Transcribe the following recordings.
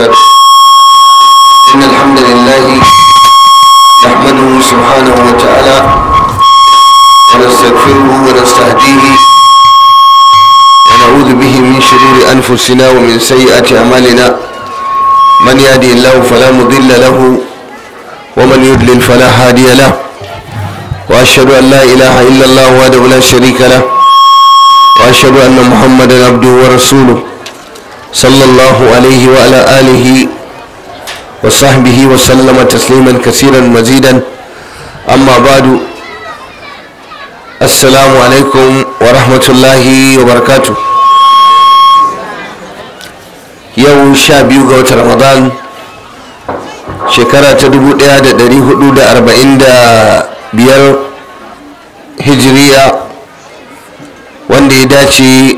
وبركاته إن الحمد لله نحمده سبحانه وتعالى ونستغفره ونستهديه ونعوذ به من شرور أنفسنا ومن سيئات أعمالنا من يهدي الله فلا مضل له ومن يضلل فلا هادي له وأشهد أن لا إله إلا الله وحده لا شريك له وأشهد أن محمدا عبده ورسوله صلى الله عليه وعلى آله وصحبه وسلم تسليما كثيرا مزيدا أما بعد السلام عليكم ورحمة الله وبركاته يوم شابيو قوة رمضان shekara ta 1445 hijiriya wanda ya dace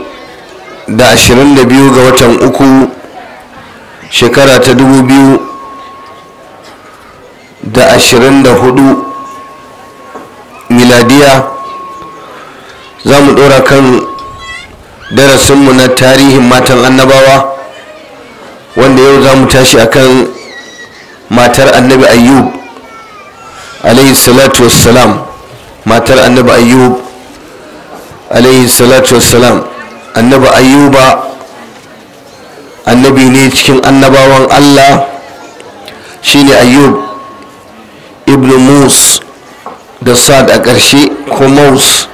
da ashirin da biyu ga watan uku shekara ta dubu biyu da ashirin da hudu miladiya za mu dora kan darasinmu na tarihin matan annabawa wanda yau za mu tashi akan matar annabi ayyub alayhi salatu wassalam matar annabi ayyub alayhi salatu wassalam annabi ayyuba annabi ne cikin annabawan allah shine ayyub ibn mus da sad a ƙarshe ko maus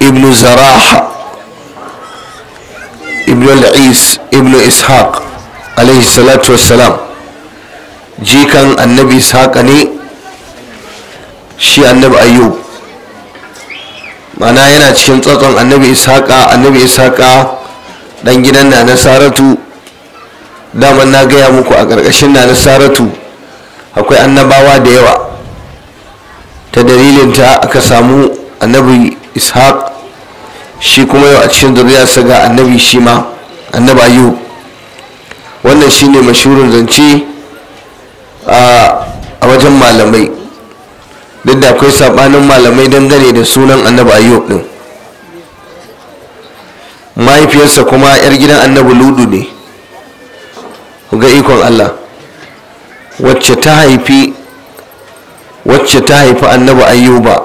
ibn zaraha ibn al'is ibn ishaq alaihi salatu wassalam jikan annabi ishaqa ne shi annabi ayyub mana yana cikin tsatson annabi isaka annabi isaka dan gidan na na saratu daman na gaya muku a ƙarƙashin na na saratu akwai annabawa da yawa ta dalilinta aka samu annabi ishaq shi kuma yau a cikin zuriyarsa ga annabi shi ma annaba ayyub wannan ne mashurin zance a wajen malamai duk da akwai sabanin malamai dangane da sunan annabi ayyub din mahaifiyarsa kuma 'yar gidan annabi ludu ne ga ikon allah wacce ta haifi wacce ta haifi annabi ayyuba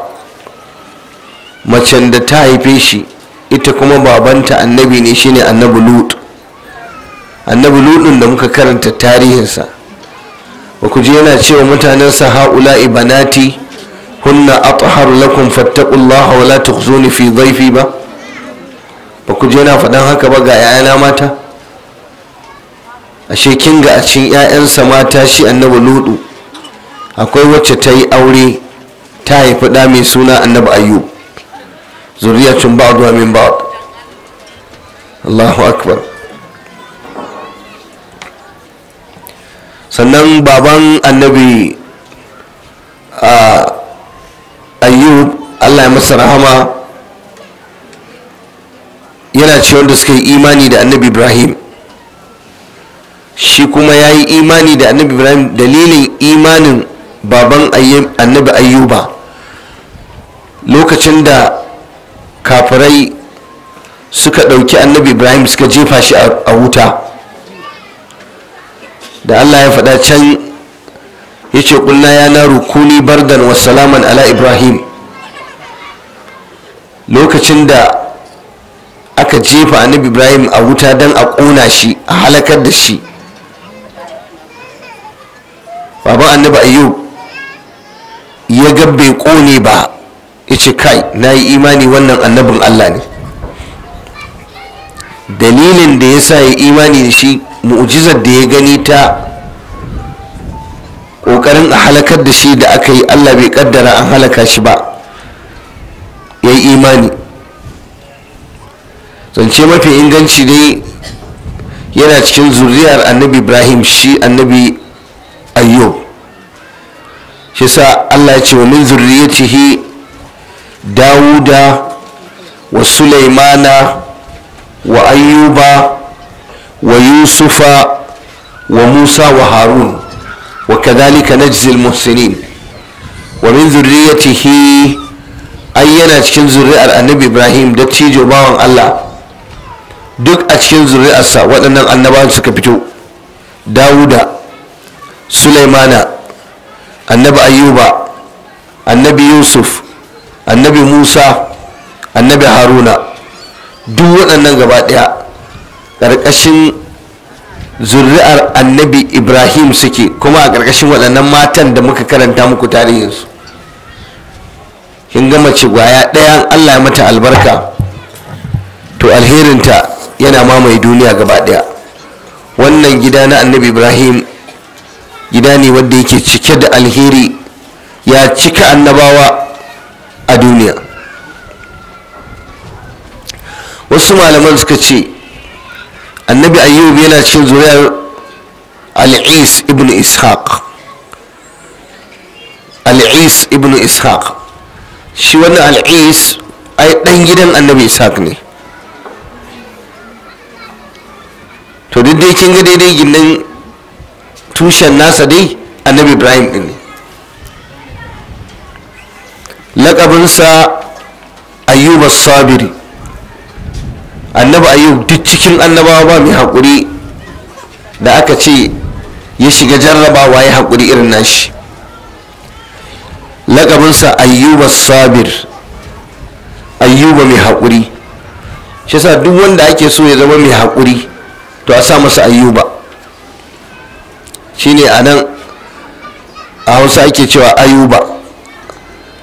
macen da ta haife shi ita kuma babanta annabi ne shine annabi lut annabi ludun da muka karanta tarihinsa ba ku je yana cewa mutanen mutanensa ha'ula'i banati hunna atharu lakum fattaqullaha wa la tukhzuni fi dhayfi ba ba ku je na faɗan haka ba ga 'ya'yana mata ashe kin ga a cikin 'ya'yansa mata shi annabi ludu akwai wacce ta yi aure ta haifi ɗa mai suna annabi ayyub zuriyatun ba'duha min ba'd Allahu akbar sannan baban annabi a ayyub allah ya masa rahama yana ce wanda suka yi imani da annabi ibrahim shi kuma ya yi imani da annabi ibrahim dalilin imanin baban annabi ayyuba lokacin da kafirai suka ɗauki annabi ibrahim suka jefa shi a wuta da allah ya faɗa can yace kulna ya naru kuli bardan wa salaman ala ibrahim lokacin da aka jefa annabi ibrahim a wuta don a ƙona shi a halakar da shi baban annabi ayyub ya ga bai ƙone ba ya ce kai na yi imani wannan annabin allah ne dalilin da ya sa ya imani da shi mu'ujizar da ya gani ta ƙoƙarin a halakar da shi da aka yi allah bai kaddara an halaka shi ba ya yi imani zance mafi inganci ne yana cikin zuriyar annabi ibrahim shi annabi ayyub shi sa allah ce wa min zurriyatihi dawuda wa sulaimana wa ayyuba wa yusufa wa musa wa harun وكذلك نجزي المحسنين ومن ذريته أينا تشكين ذرية النبي إبراهيم دكتيجو bawan الله duk a cikin zuri'arsa waɗannan annabawan suka fito dawuda sulaimana annabi ayyuba annabi yusuf annabi musa annabi haruna duk waɗannan gaba ɗaya ƙarƙashin zuri'ar annabi ibrahim suke kuma a ƙarƙashin waɗannan matan da muka karanta muku tarihinsu kin ga mace gwaya ɗayan allah ya mata albarka to alherinta yana mamaye duniya gaba ɗaya wannan gida na annabi ibrahim gida ne wanda yake cike da alheri ya cika annabawa a duniya wasu malaman suka ce annabi ayyub yana cin zuriyar al'is ibn ishaq al'is ibn ishaq shi wannan al'is ai dan gidan annabi ishaq ne to duk dai kin ga daidai ginin tushen nasa dai annabi ibrahim din ne laƙabinsa ayyuba sabiri annabi ayyub duk cikin annabawa ba mai haƙuri da aka ce ya shiga jarrabawa ya haƙuri irin nashi laƙabinsa ayyuba sabir ayyuba mai haƙuri shi sa duk wanda ake so ya zama mai haƙuri to a sa masa ayyuba shine a nan a hausa ake cewa ayuba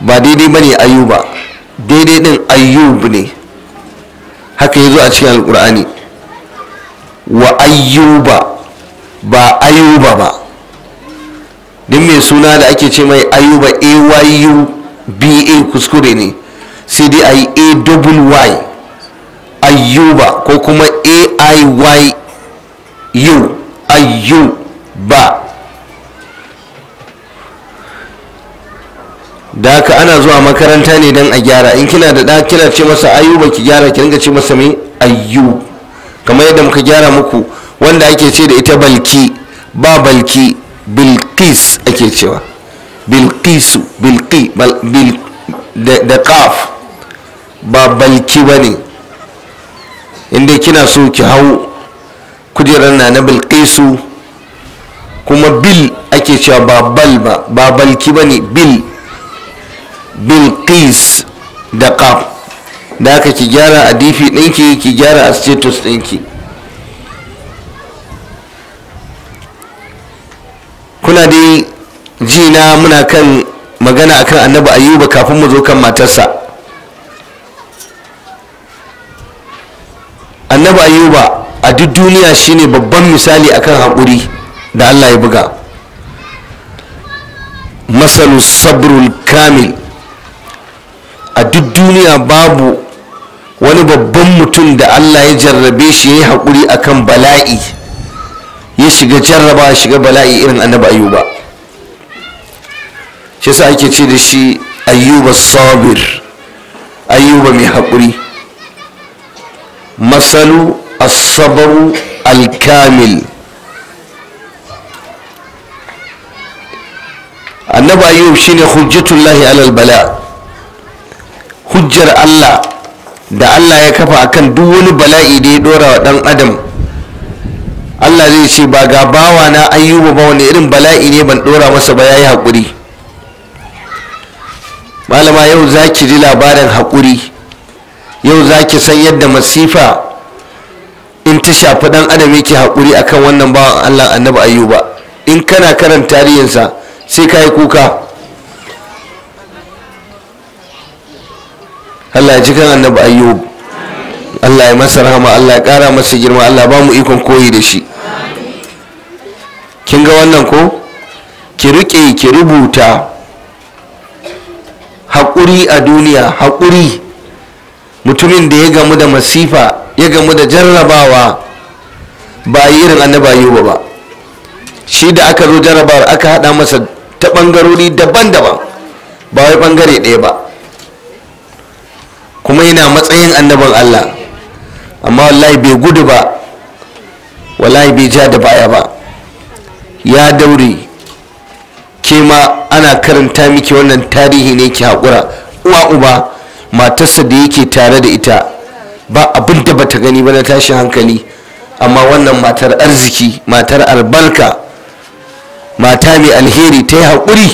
ba daidai ba ne ayuba daidai ɗin ayyub ne haka ya zo a cikin alkur'ani wa ayyuba ba ayuba ba duk mai suna da ake ce mai ayuba ba kuskure ne sai dai a yi ayyuba ko kuma aiyu ba da haka ana zuwa makaranta ne don a gyara in kina da ɗa kina ce masa ayuba ki gyara ki ringa ce masa mai ayu kamar yadda muka gyara muku wanda ake ce da ita balki ba balki bilkis ake cewa bilkisu bilki da kaf ba balki ba ne inda kina so ki hau kujerar na na bilkisu kuma bil ake cewa ba bal ba ba balki ba ne bil bilqis da qaf da ka ki gyara a dp ɗinki ki gyara a status ɗinki kuna dai ji na muna kan magana akan annabi ayuba kafin mu zo kan matarsa annabi ayuba a duk duniya shine babban misali akan haƙuri da allah ya buga masalu sabrul kamil a duk duniya babu wani babban mutum da allah ya jarrabe shi ya yi haƙuri akan bala'i ya shiga jarraba ya shiga bala'i irin annabi ayuba shi sa ake ce da shi ayuba sabir ayuba mai haƙuri masalu asabaru alkamil annabi ayub shine hujjatullahi alal bala' hujjar Allah da Allah ya kafa akan duk wani bala'i da ya dora wa dan adam Allah zai ce ba ga bawa na ayyuba ba wani irin bala'i ne ban dora masa ba yayi hakuri malama yau zaki ji labarin hakuri yau zaki san yadda masifa in ta shafi dan adam yake hakuri akan wannan bawan Allah annabi ayyuba in kana karanta tarihinsa sai yi kuka Allah ya ji kan annabi ayyub Allah ya masa rahama Allah ya kara masa girma Allah ba mu ikon koyi da shi kin ga wannan ko ki rike ki rubuta haƙuri a duniya haƙuri mutumin da ya gamu da masifa ya gamu da jarrabawa ba yi irin annabi ayyuba ba shi da aka zo jarrabawar aka haɗa masa ta ɓangarori daban-daban ba wai ɓangare ɗaya ba kuma yana matsayin annabin Allah amma wallahi bai gudu ba wallahi bai ja da baya ba ya daure ke ma ana karanta miki wannan tarihi ne ki haƙura uwa uba matarsa da yake tare da ita ba abin da bata gani ba na tashin hankali amma wannan matar arziki matar albarka mata mai alheri ta yi haƙuri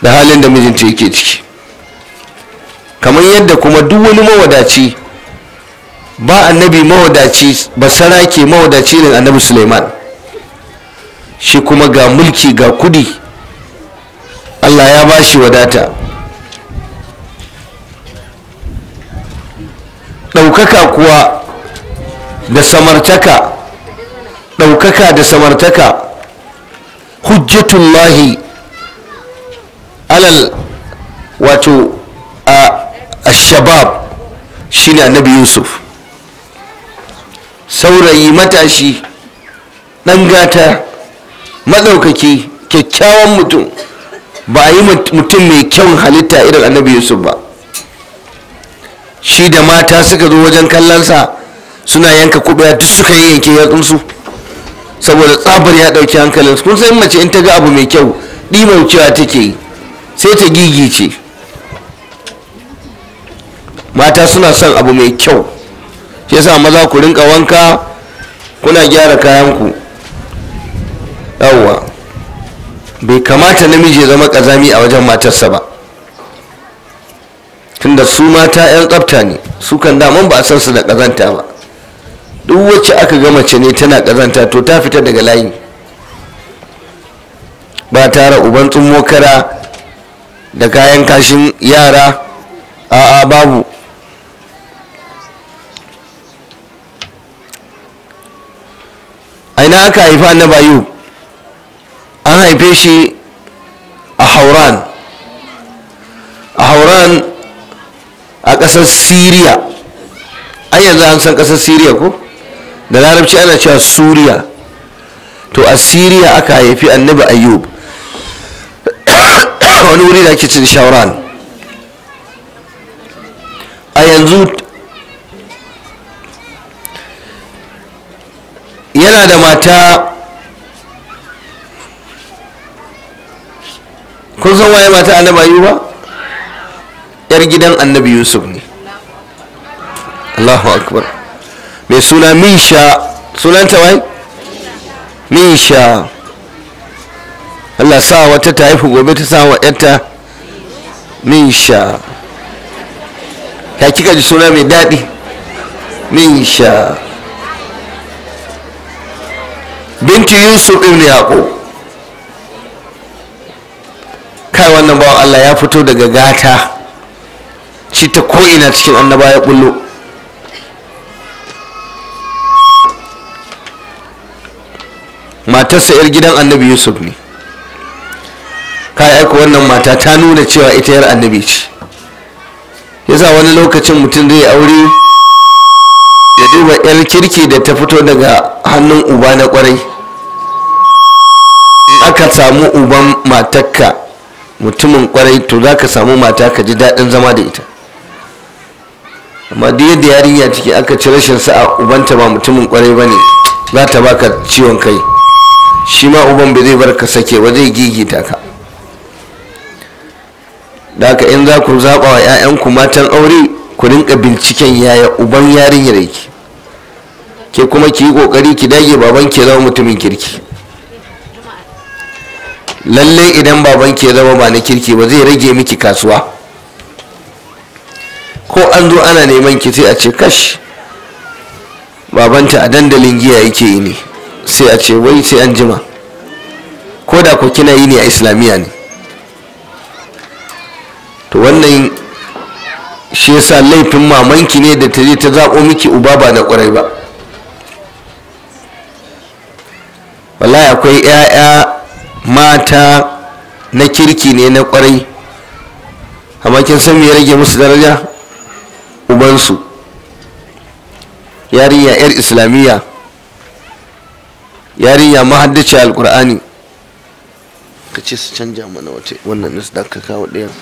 da halin da mijinta yake ciki kamar yadda kuma duk wani mawadaci ba annabi mawadaci ba sarake mawadaci ne annabi suleiman shi kuma ga mulki ga kudi allah ya ba shi wadata ɗaukaka kuwa da samartaka ɗaukaka da samartaka hujjatullahi alal wato ashabab shine annabi yusuf saurayi matashi ɗan gata maɗaukaki kyakkyawan mutum ba a yi mutum mai kyau halitta irin annabi yusuf ba shi da mata suka zo wajen kallonsa suna yanka kuɓaya duk suka yi yanke su saboda tsabar ya ɗauki hankalinsu kun san mace in ta ga abu mai kyau ɗimaucewa take yi sai ta gigice mata suna son abu mai kyau shi yasa maza ku rinka wanka kuna gyara kayanku yawwa bai kamata namiji ya zama kazami a wajen matarsa ba tunda su mata 'yan tsafta ne su kan daman ba a san su da kazanta ba duk wacce aka ga mace ne tana kazanta to ta fita daga layi ba tara uban tsummokara da kayan kashin yara a'a babu ina aka haifi annabi yiwu an haife shi a hauran a hauran a ƙasar syria an yanzu an san ƙasar syria ko da larabci ana cewa suriya to a syria aka haifi annabi ayub wani wuri da ake cin shauran a yanzu yana da mata kun san waye mata annabi ayuba yar gidan annabi yusuf ne allahu akbar mai suna misha sunanta wai misha allah sa wata ta haifu gobe ta sa wa yarta misha ya kika ji suna mai daɗi misha binti yusuf ibn yaqub kai wannan bawan allah ya fito daga gata ci ta ko'ina cikin annaba ya kullo. matarsa 'yar gidan annabi yusuf ne kai aiko wannan mata ta nuna cewa ita 'yar annabi ce yasa wani lokacin mutum zai aure ya duba yar kirki da ta fito daga hannun uba na kwarai aka samu uban matakka mutumin kwarai to za ka samu mata ka ji daɗin zama da ita amma duk yadda yarinya ciki aka ci rashin sa'a ubanta ba mutumin kwarai ba ne za ta baka ciwon kai shi ma uban ba zai bar ka sake ba zai gigita ka da haka in za ku zaɓa wa 'ya'yanku matan aure ku rinka binciken yaya uban yarinyar yake ke kuma ki yi kokari ki dage baban ke zama mutumin kirki lalle idan baban ke zama ba na kirki ba zai rage miki kasuwa ko an zo ana neman ki sai a ce kash babanta a dandalin giya yake yi ne sai a ce wai sai an jima ko da ku kina yi ne a islamiyya ne to wannan shi yasa laifin mamanki ne da ta je ta zaɓo miki uba ba na ƙwarai ba wallahi akwai 'ya'ya mata na kirki ne na ƙwarai amma kin san me ya rage musu daraja ubansu yarinya 'yar islamiyya yarinya mahaddaci alƙur'ani ka ce su canja mana wata wannan nasu da ka kawo ɗayan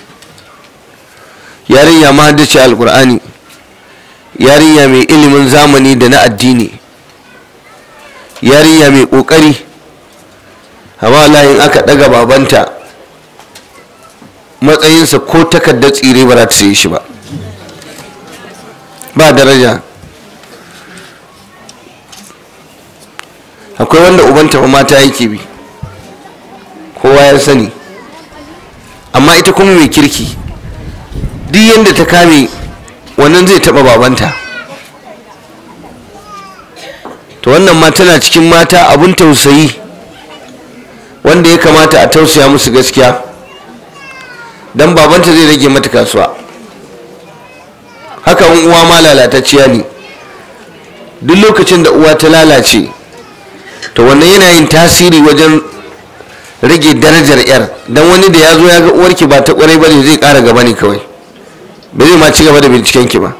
yarinya ma da ce alkur'ani yarinya mai ilimin zamani da na addini yarinya mai kokari amma layin aka ɗaga babanta matsayinsa ko takardar tsire ba za ta sayi shi ba ba daraja akwai wanda ubanta ba mata yake bi kowa ya sani amma ita kuma mai kirki duk yadda ta kame wannan zai taɓa babanta to wannan ma tana cikin mata abun tausayi wanda ya kamata a tausaya musu gaskiya don babanta zai rage mata kasuwa haka uwa ma lalatacciya ne duk lokacin da uwa ta lalace to wannan yana yin tasiri wajen rage darajar yar don wani da ya zo ya ga uwarki ba ta kwarai ba ne zai kara gaba ne kawai ba zai ma ci gaba da binciken ki ba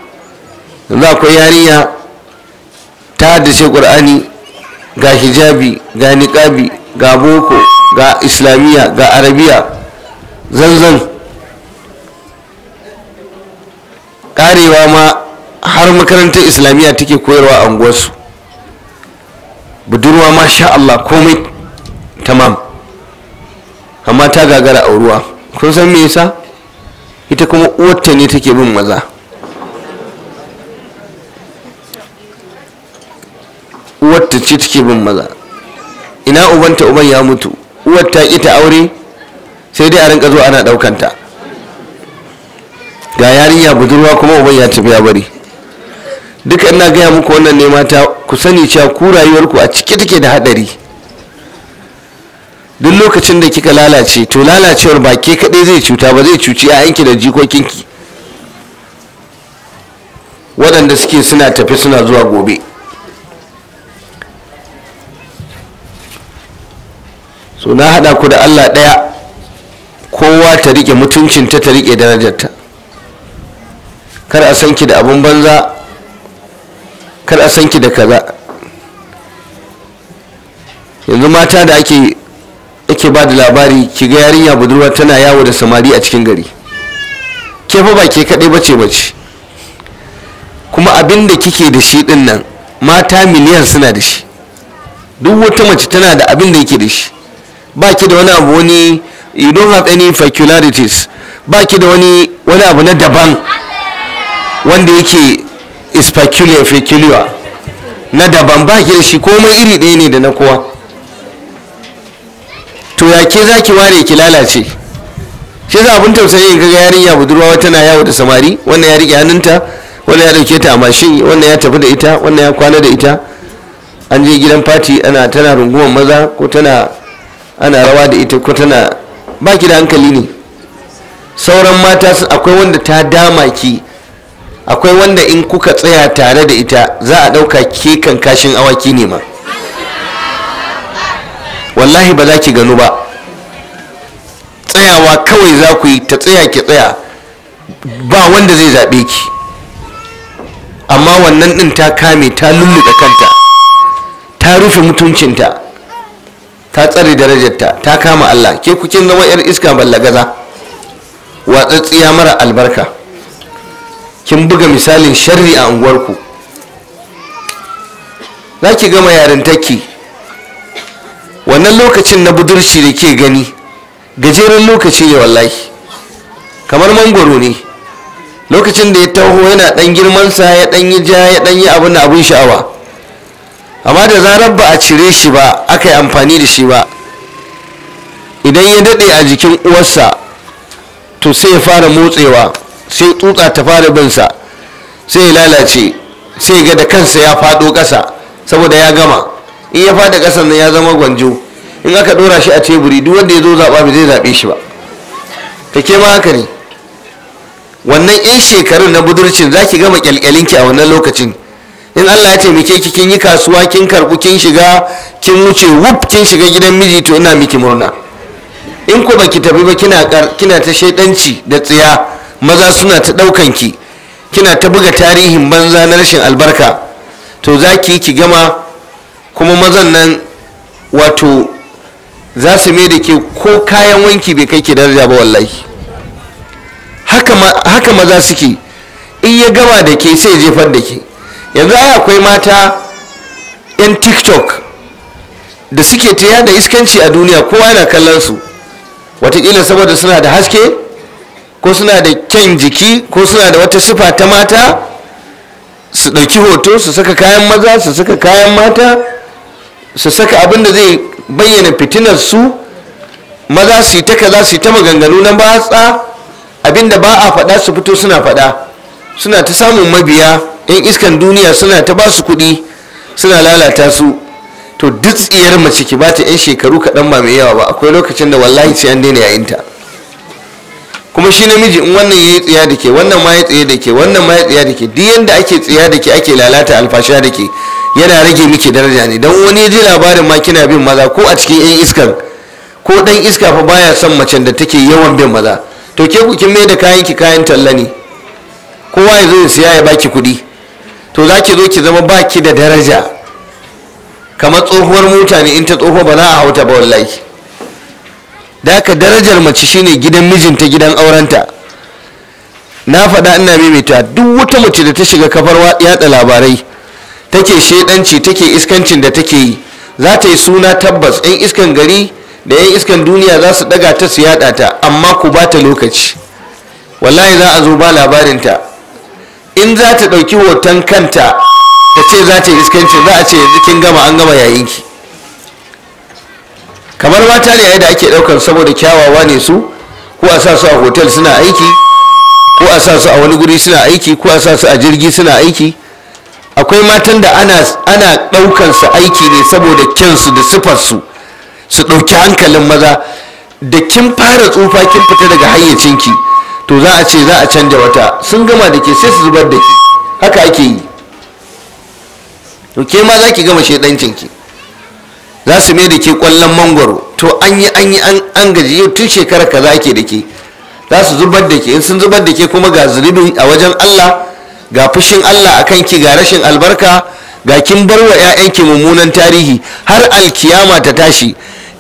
yanzu akwai yarinya ta haddace qur'ani ga hijabi ga niqabi ga boko ga islamiyya ga arabiya zanzan karewa ma har makarantar islamiyya take koyarwa a unguwarsu budurwa ma sha Allah komai tamam amma ta gagara auruwa kun san me yasa ita kuma uwarta ne take bin maza uwarta ce take bin maza ina ubanta uban ya mutu uwar ta aure sai dai a rinka zuwa ana ɗaukanta ga yarinya budurwa kuma uban ya tafi ya bari duka ina gaya muku wannan ne mata ku sani cewa ku rayuwarku a cike take da haɗari duk lokacin da kika lalace to lalacewar ba ke kaɗai zai cuta ba zai cuci yayanki da jikokinki waɗanda suke suna tafi suna zuwa gobe so na haɗa ku da allah ɗaya kowa ta riƙe mutuncinta ta riƙe darajarta kar a san da abin banza kar a san da kaza yanzu mata da ake ake ba da labari ki ga yarinya budurwa tana yawo da samari a cikin gari ke fa ba kadai kaɗai bace bace kuma abin da kike da shi din nan mata miliyan suna da shi duk wata mace tana da abin da yake da shi ba da wani abu wani you don't have any peculiarities ba da wani wani abu na daban wanda yake is peculiar peculiar na daban baki ki da shi komai iri ɗaya ne da na kowa to ya ke zaki ware ki lalace shi za abin tausayi ga yarinya budurwa tana yawo da samari wannan ya rike hannunta wannan ya dauke ta a mashin wannan ya tafi da ita wannan ya kwana da ita an je gidan fati ana tana rungumar maza ko tana ana rawa da ita ko tana ba ki da hankali ne sauran mata akwai wanda ta dama ki akwai wanda in kuka tsaya tare da ita za a ɗauka ke kan kashin awaki ne ma wallahi ba za ki gano ba tsayawa kawai za ku yi ta tsaya ki tsaya ba wanda zai zaɓe ki amma wannan ɗin ta kame ta lulluɗa kanta ta rufe mutuncinta ta tsare darajarta ta kama Allah ke kukin zama 'yar iska ballagaza watsatsiya mara albarka kin buga misalin sharri a unguwarku za ki gama yarintarki wannan lokacin na budurci da ke gani gajeren lokaci ne wallahi kamar mangoro ne lokacin da ya taho yana dan girmansa ya dan yi ja ya dan yi abin da abin sha'awa amma da zarar ba a cire shi ba aka yi amfani da shi ba idan ya daɗe a jikin uwarsa to sai ya fara motsewa sai tsutsa ta fara binsa sai ya lalace sai ga da kansa ya faɗo ƙasa saboda ya gama in ya fada kasan nan ya zama gwanjo in aka dora shi a teburi duk wanda ya zo zaɓa ba zai zaɓe shi ba ta ke ma haka ne wannan yan shekarun na budurcin za ki gama kyalkyalinki a wannan lokacin in allah ya taimake ki kin yi kasuwa kin karɓu kin shiga kin wuce wuf kin shiga gidan miji to ina miki murna in ku baki tafi ba kina kina ta shaidanci da tsiya maza suna ta ɗaukan ki kina ta buga tarihin banza na rashin albarka to za ki ki gama kuma mazan nan wato za su mai da ke ko kayan wanki bai kai ki daraja ba wallahi haka maza suke in ya gama da ke sai jefar da ke yanzu ai akwai mata 'yan tiktok da suke ta yada iskanci a duniya kowa yana kallon su watakila saboda suna da haske ko suna da kyan jiki ko suna da wata sifa ta mata su ɗauki hoto su saka kayan maza su saka kayan mata su saka abin da zai bayyana fitinar su maza su ta kaza su ta maganganu na batsa abin da ba a faɗa su fito suna faɗa suna ta samun mabiya yan iskan duniya suna ta ba su kuɗi suna lalata su to duk tsiyar mace ki ba ta yan shekaru kaɗan ba mai yawa ba akwai lokacin da wallahi sai an daina yayin ta kuma shi namiji in wannan ya yi tsiya da ke wannan ma ya tsiya da ke wannan ma ya tsiya da ke duk yadda ake tsiya da ke ake lalata alfasha da ke yana rage miki daraja ne don wani ji labarin ma kina bin maza ko a cikin yan iskan ko dan iska fa baya son macen da take yawan bin maza to ke ku kin mai da kayan ki kayan talla ne kowa ya zo ya siya ya baki kuɗi to za ki zo ki zama baki da daraja kamar tsohuwar mota ne in ta tsoho ba za a hauta ba wallahi da haka darajar mace shine gidan mijinta gidan aurenta na faɗa ina maimaita duk wata mace da ta shiga kafar yatsa labarai take shedanci take iskancin da take yi za ta yi suna tabbas yan iskan gari da yan iskan duniya za su daga ta su yada ta amma ku ba ta lokaci wallahi za a zo ba labarinta in za ta ɗauki hoton kanta ta ce za ta yi iskancin za a ce yanzu kin gama an gama yayinki kamar mata ne da ake ɗaukar saboda kyawawa ne su ko a sa su a hotel suna aiki ko a sa su a wani guri suna aiki ko a sa su a jirgi suna aiki akwai matan da ana ana ɗaukan su aiki ne saboda su da sifar su su ɗauki hankalin maza da kin fara tsufa kin fita daga hayyacinki to za a ce za a canja wata sun gama da ke sai su zubar da ke haka ake yi to ke ma za ki gama shaidancinki za su mai da ke kwallon mangwaro to an yi an yi an gaji yau tun shekara kaza ake da ke za su zubar da ke in sun zubar da ke kuma ga zunubi a wajen allah ga fushin Allah a kanki ga rashin albarka ga kin bar wa 'ya'yanki mummunan tarihi har alkiyama ta tashi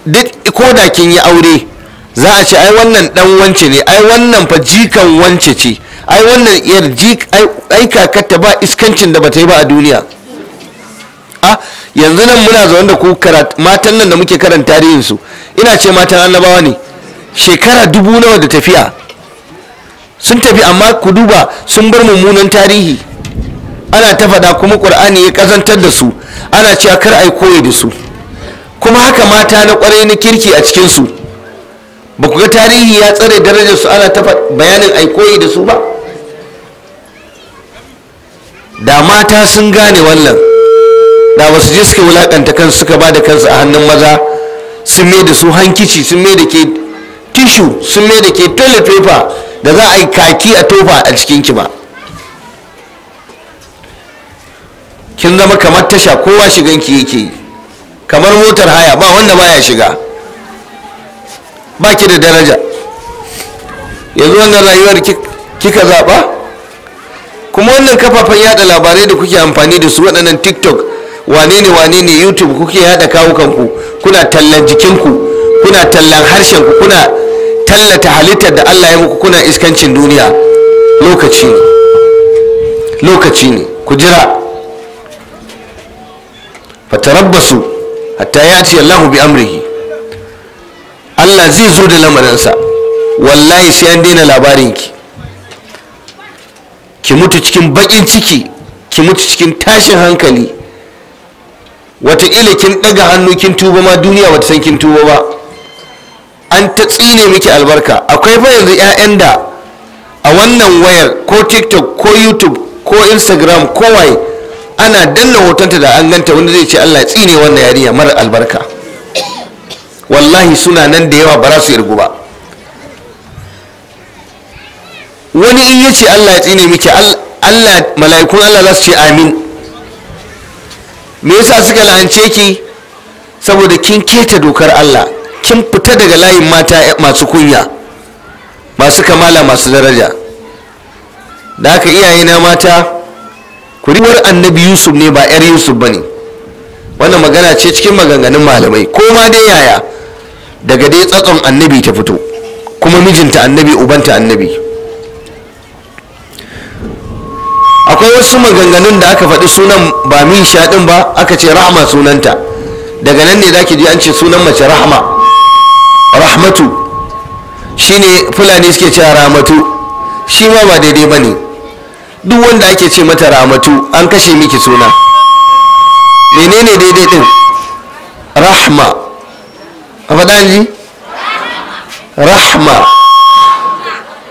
duk ko da kin yi aure za a ce ai wannan dan wance ne ai wannan fa jikan wance ce ai wannan yar jik ai ba iskancin da bata yi ba a duniya a yanzu nan muna zaune da ku matan nan da muke karanta tarihinsu ina ce matan annabawa ne shekara dubu nawa da tafiya sun tafi amma ku duba sun bar mummunan tarihi ana ta faɗa kuma ƙur'ani ya ƙazantar da su ana cewa kar yi koyi da su kuma haka mata na ƙwarai na kirki a cikinsu ba ku ga tarihi ya tsare darajar su ana ta bayanin yi koyi da su ba da mata sun gane wannan da ba su je suka wulakanta kansu suka ba da kansu a hannun maza sun mai da su hankici sun mai da ke tishu sun mai da ke toilet paper da za a yi kaki a tofa a cikinki ba kin zama kamar tasha kowa shiganki yake yi kamar motar haya ba wanda baya shiga ba da daraja yanzu wannan rayuwar kika zaɓa kuma wannan kafafen yada labarai da kuke amfani da su waɗannan tiktok wane ne wane ne youtube kuke yada kawukanku kuna tallan jikinku kuna tallan harshenku kuna ta halittar da Allah ya muku kuna iskancin duniya lokaci ne lokaci ne ku jira fatarabbasu hatta ya ce Allahu bi amrihi Allah zai zo da lamarinsa wallahi sai an daina labarin ki mutu cikin bakin ciki ki mutu cikin tashin hankali wataƙila kin ɗaga hannu kin tuba ma duniya wata san kin tuba ba an ta tsine miki albarka akwai fa yanzu 'ya'yan da a wannan wayar ko tiktok ko youtube ko instagram ko waye ana danna hotonta da an ganta wanda zai ce allah tsine wannan yarinya mara albarka wallahi suna nan da yawa ba za su irgu ba wani in ya ce allah ya tsine miki allah mala'ikun allah za su ce amin me yasa suka la'ance ki saboda kin keta dokar allah kin fita daga layin mata masu kunya masu kamala masu daraja da iyaye na mata kuriwar annabi yusuf ne ba 'yar yusuf ba ne wannan magana ce cikin maganganun malamai ko ma dai yaya daga dai tsatson annabi ta fito kuma mijinta annabi ubanta annabi akwai wasu maganganun da aka faɗi sunan ba min shaɗin ba aka ce rahama sunanta daga nan ne zaki ji an ce sunan mace rahama rahmatu shine fulani suke cewa ramatu shi ma ba daidai ba ne duk wanda ake ce mata ramatu an kashe miki suna menene daidai din rahma a faɗa ji rahma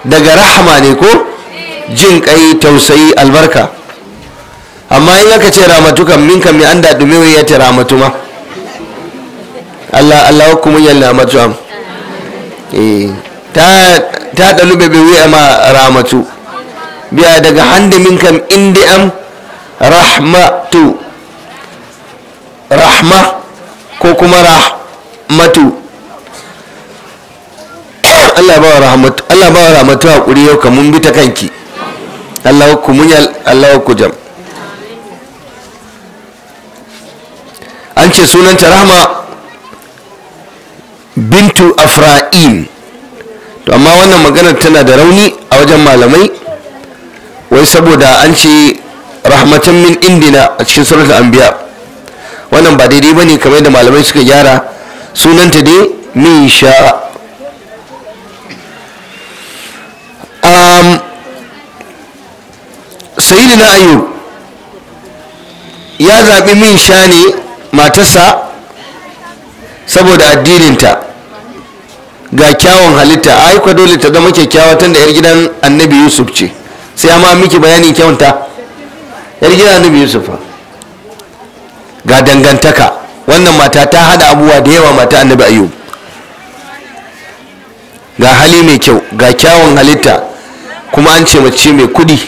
daga rahma ne ko jin kai tausayi albarka amma in aka ce ramatu kan min kan mi an da ɗumewa ya ta ramatu ma Allah Allah kuma yalla matu am Eh, ta ɗalube ɓe wi'ama ramatu biya daga hande min kam inde am rahmatu rahma ko kuma rahmatu Allah ba rahmatu Allah bawa wa rahmatu hakuri yau ka mun bi ta kanki Allah ku munyal Allah ku jam ance sunanta rahma bintu afra'il to amma wannan maganar tana da rauni a wajen malamai wai saboda an ce rahmatan min indina a cikin sunan anbiya wannan ba daidai bane kamar da malamai suka gyara sunanta dai misha um, sayyidina ayyub ya zaɓi min sha ne matarsa saboda addininta ga kyawun halitta ai kwa dole ta zama kyakkyawa tun da yar gidan annabi yusuf ce sai ma miki bayanin kyauta yar gidan annabi yusuf ga dangantaka wannan mata ta hada abubuwa da yawa mata annabi ayyub ga hali mai kyau ga kyawun halitta kuma an ce mace mai kudi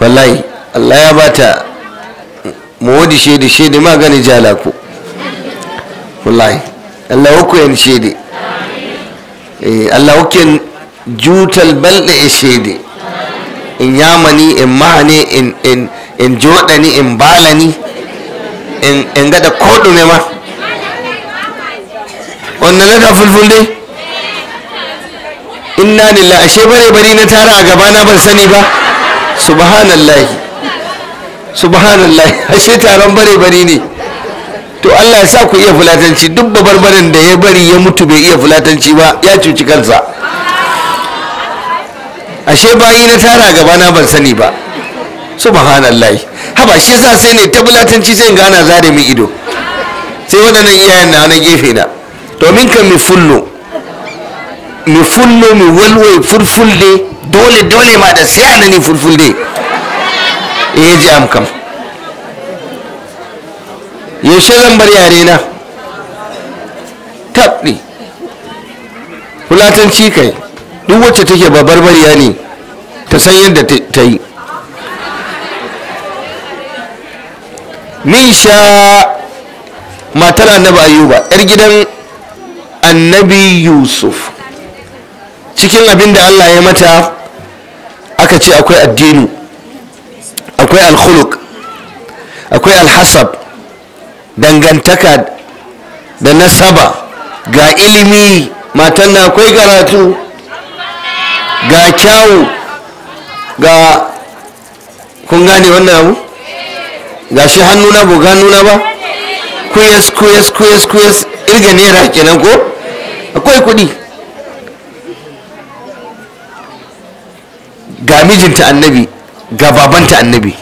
wallahi allah ya bata mu wadi shaidi shaidi ma gani jala ku wallahi allah hokkuen ceede e allah hokken jutal balɗe e ceede en yamani in mahani in joɗani en mbalani in gaɗa kodu ne ma on nanata fulfulde inna lillah ashe bare bari na tara a gabana ban sani ba subhanallahi subhanallahi ashe taron bare bari ne to Allah ya sa ku iya fulatanci duk babarbarin da ya bari ya mutu bai iya fulatanci ba ya cuci kansa ashe bayi na tara gaba na ban sani ba subhanallahi haba shi yasa sai ne ta fulatanci sai gana zare min ido sai waɗannan iyayen na na gefe na domin kan mi fullo mi fullo mi walwai furfulde dole dole ma da sai anani furfulde eh ji am kam yaushe zan bar yare na taɓi fulatanci kai duk wacce take babbar barya ne ta san yadda ta yi nisha matar annabi ayuba yar gidan annabi yusuf cikin abin da allah ya mata aka ce akwai addini akwai alkhuluk akwai alhasab dangantaka da nasaba ga ilimi matan na akwai karatu ga kyawu ga kun gane wannan abu ga shi hannuna ba hannuna ba kuyas kuyas kuyas kuyas irga naira kenan ko akwai kudi ga mijinta annabi ga babanta annabi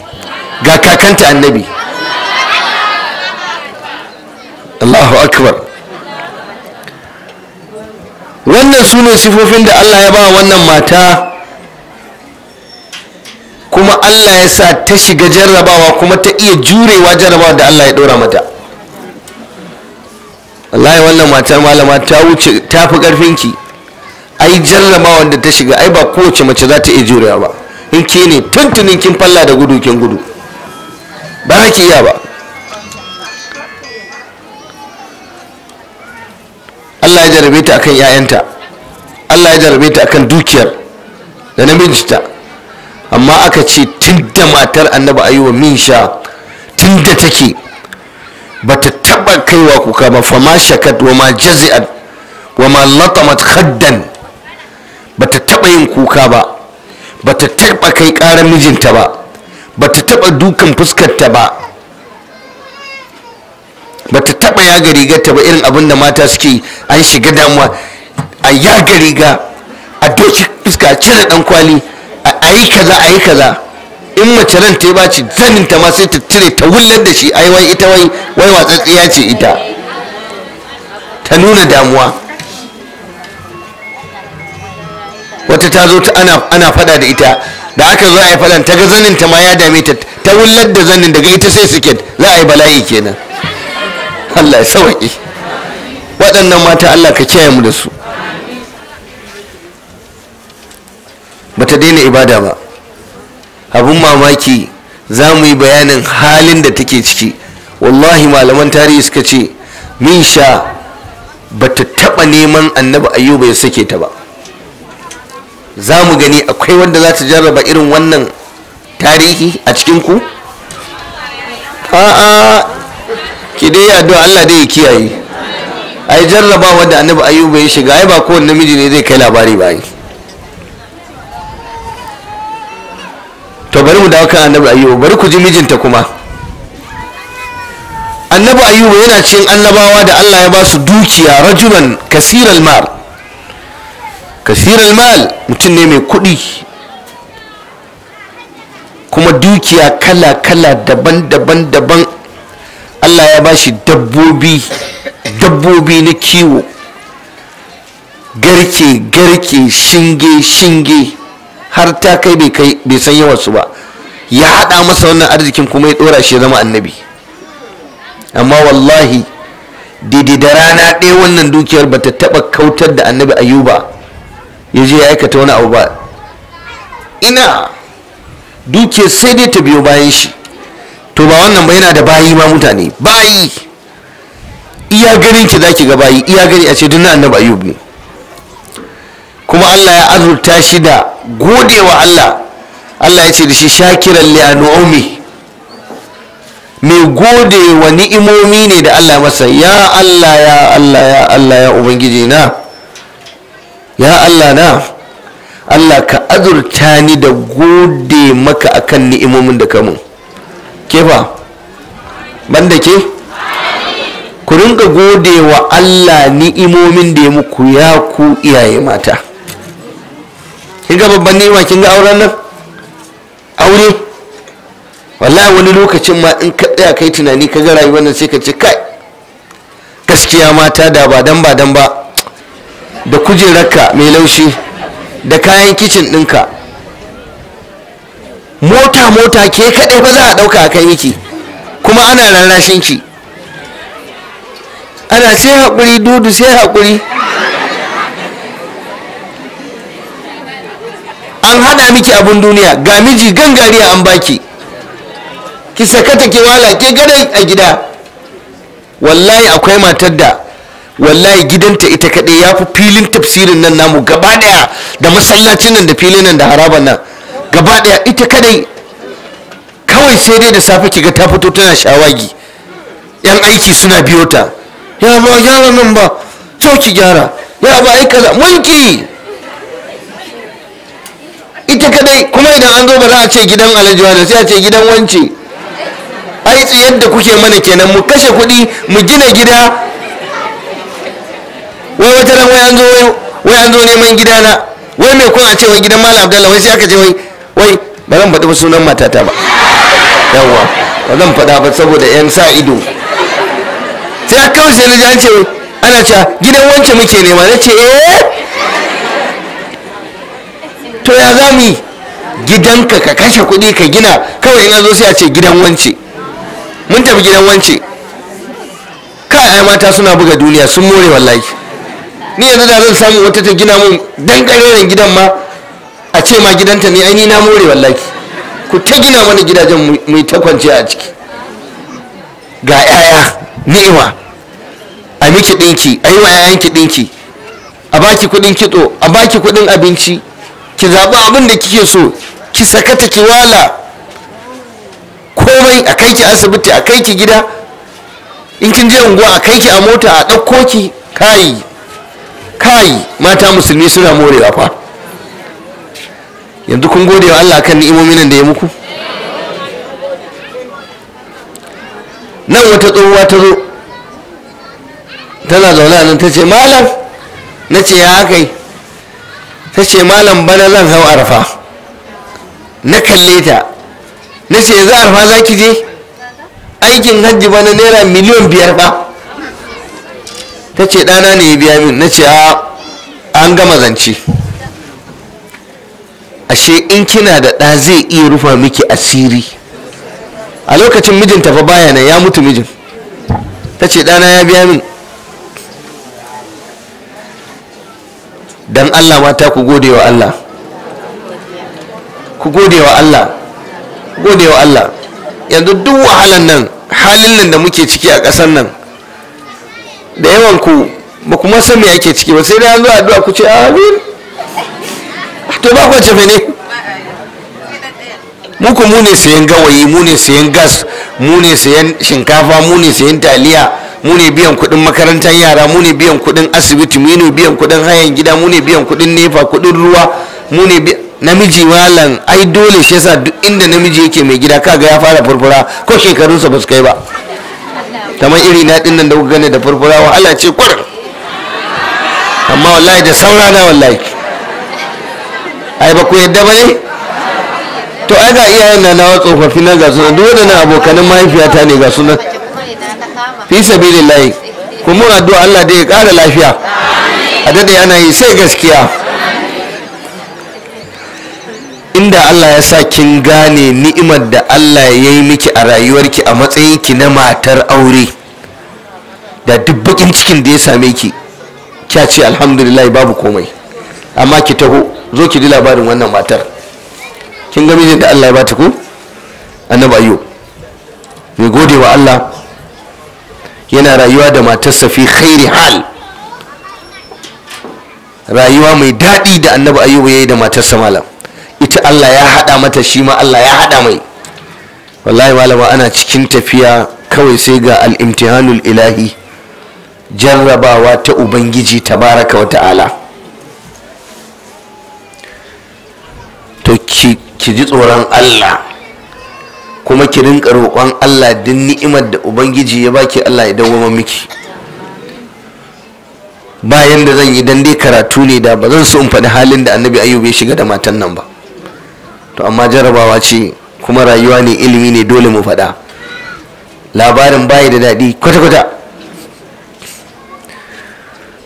ga kakanta annabi Allahu akbar wannan suna sifofin da Allah ya ba wannan mata kuma Allah ya sa ta shiga jarrabawa kuma ta iya jurewa jarrabawa da Allah ya ɗora mata wallahi wannan matar malama ta wuce ta fi ƙarfinki ai jarrabawa da ta shiga ai ba kowace mace za ta iya jurewa ba in ke ne tuntunin kin falla da gudu kin gudu ba ki iya ba Allah ya jarabe ta akan ƴaƴanta Allah ya jarabe ta akan dukiyar da namijinta amma aka ce tun da matar annabi ayuwa sha tun da take ba ta taba kaiwa kuka ba fama shakat wa ma jazi'at wa ma latamat khaddan ba ta taba yin kuka ba ba ta taba kai karar mijinta ba ba ta taba dukan fuskarta ba bata taba yaga rigar ta ba irin abin da mata suke an shiga damuwa a yaga riga a doki iska a cire dan kwali a yi kaza a yi kaza in mace ran ta yi baci zanin ta ma sai ta cire ta wullar da shi ai wai ita wai wai watsatsiya ce ita ta nuna damuwa wata ta zo ta ana ana fada da ita da aka zo a yi fadan ta ga zanin ta ma ya dame ta ta wullar da zanin daga ita sai suke, za a yi bala'i kenan Allah ya sauƙi waɗannan mata Allah ka kiyaye mu da su ba ta daina ibada ba abun mamaki za mu yi bayanin halin da take ciki wallahi malaman tarihi suka ce ba ta taɓa neman annabi ayyuba ya sake ta ba za mu gani akwai wanda za ta jarraba irin wannan tarihi a cikinku a'a ki dai addu'a Allah dai ya kiyaye ai jarrabawa da annabi ayyuba ya shiga ai ba kowane namiji ne zai kai labari ba to bari mu dawo kan annabi ayyuba bari ku ji mijinta kuma annabi ayyuba yana cikin annabawa da Allah ya ba su dukiya rajulan kasiral mar kasiral mal mutum ne mai kuɗi kuma dukiya kala kala daban daban daban Allah ya bashi dabbobi dabbobi na kiwo garke garke shinge shinge har ta kai bai san su ba ya haɗa masa wannan arzikin kuma ya ɗora shi zama annabi amma wallahi daidai da rana ɗaya wannan dukiyar ba ta taɓa kautar da annabi ayuba ya je ya aikata wani abu ba ina dukiyar sai dai ta biyo bayan shi to ba wannan ba yana da bayi ma mutane bayi iya ganin ki zaki ga bayi iya gani a ce duk annabi ayub ne kuma Allah ya azurta shi da godewa Allah Allah ya ce da shi shakiran li anumi mai gode wa ni'imomi ne da Allah masa ya Allah ya Allah ya Allah ya ubangiji na ya Allah na Allah ka azurta ni da gode maka akan ni'imomin da kamun kefa banda ke ku rinka gode wa allah ni'imomin da ya muku ya ku iyaye mata kin ga babban ni'ima kin ga auren nan aure wallahi wani lokacin ma in ka tsaya kai tunani ka ga rayuwar nan sai ka ce kai gaskiya mata da ba dan ba dan ba da kujerarka mai laushi da kayan kicin ɗinka mota mota ke kaɗai ba za a ɗauka a kai yake kuma ana rarrashin ki ana sai haƙuri dudu sai haƙuri an haɗa miki abin duniya ga miji gangariya an baki ki sakata ke wala ke gadai a gida wallahi akwai matar da wallahi gidanta ita kaɗai ya fi filin tafsirin nan namu gaba ɗaya da masallacin nan da filin nan da haraban nan gaba daya ita kadai kawai sai dai da safe kiga ta fito tana shawagi yan aiki suna biyo ta ya ba gyara nan ba to ki gyara ya ba ai kaza wanki ita kadai kuma idan an zo ba za a ce gidan alhaji sai a ce gidan wance ai tsayar da kuke mana kenan mu kashe kuɗi mu gina gida wai wata ran wai an zo wai an zo neman gidana wai mai kun a ce wai gidan malam abdallah wai sai aka ce wai wai ba zan faɗi sunan matata ba yawa ba zan faɗa ba saboda yan sa ido sai a kawai sai na ce ana cewa gidan wance muke nema na ce eh to ya za mu yi gidanka ka kashe kuɗi ka gina kawai ina zo sai a ce gidan wance mun tafi gidan wance Ka ai mata suna buga duniya sun more wallahi ni yanzu da zan samu wata ta gina mun dan gidan ma ce ma gidanta ne aini na more wallaki. ku ta gina mana gidajen mai ta kwance a ciki ga 'ya'ya ni'ima a miki ɗinki a yi wa 'ya'yanki ɗinki a baki kuɗin kitso a baki kuɗin abinci ki zaɓi abin da kike so ki sakata ki wala komai a kai ki asibiti a kai ki gida in kin je unguwa a kai ki a mota a ɗauko ki kayi kayi mata musulmi suna morewa fa yanzu kun gode wa Allah kan ni'imomi nan da ya muku nan wata tsohuwa ta zo tana zaune nan ta ce malam na ce ya haka yi ta ce malam bana zan hau arfa na kalle ta na ce yanzu arfa za ki je aikin hajji bana naira miliyan biyar ba ta ce ɗana ne ya biya min na ce a an gama zance ashe in kina da ɗa zai iya rufa miki asiri a lokacin mijinta fa bayana ya mutu mijin ta ce ɗana ya biya min don allah mata ku gode wa allah ku gode wa allah gode wa allah yanzu duk wahalan nan halin nan da muke ciki a ƙasar nan da yawan ku ba kuma san me yake ciki ba sai da yanzu addu'a ku ce amin to ba kwace ne ku mu ne sayan gawayi mu ne sayan gas mu ne sayan shinkafa mu ne sayan taliya mu ne biyan kuɗin makarantar yara mu ne biyan kuɗin asibiti mu ne biyan kuɗin hayan gida mu ne biyan kuɗin nefa kuɗin ruwa mu ne namiji malam ai dole shi yasa duk inda namiji yake mai gida kaga ya fara furfura ko shekarunsa ba su kai ba kamar iri na din nan da kuka gane da furfura wahala ce kwar amma wallahi da saurana na wallahi ai ba ku yadda ba ne eh? to ai ga iyayen na nawa tsofaffi nan ga sunan duk waɗannan abokanin mahaifiyata ne ga sunan fi sabilillahi ku mun addu'a Allah da ya kara lafiya a dade ana yi sai gaskiya inda Allah ya sa kin gane ni'imar da Allah ya yi miki a rayuwarki a matsayin ki na matar aure da duk bakin cikin da ya same ki kya ce alhamdulillah babu komai amma ki taho zo ki ji labarin wannan matar kin ga mijin da Allah ya bata ko annabi ayyo mai gode wa Allah yana rayuwa da matarsa fi khairi hal rayuwa mai daɗi da annabi ayyo ya yi da matarsa malam ita Allah ya haɗa mata shi ma Allah ya haɗa mai wallahi malama ana cikin tafiya kawai sai ga al imtihanul ilahi jarrabawa ta ubangiji tabaraka wa ta'ala to ki ji tsoron Allah kuma ki rinka roƙon Allah duk ni'imar da ubangiji ya baki Allah ya dawoma miki ba yanda zan yi dan dai karatu ne da ba zan so in faɗi halin da annabi ayyub ya shiga da matan nan ba to amma jarabawa ce kuma rayuwa ne ilimi ne dole mu faɗa labarin bayi da daɗi kwata-kwata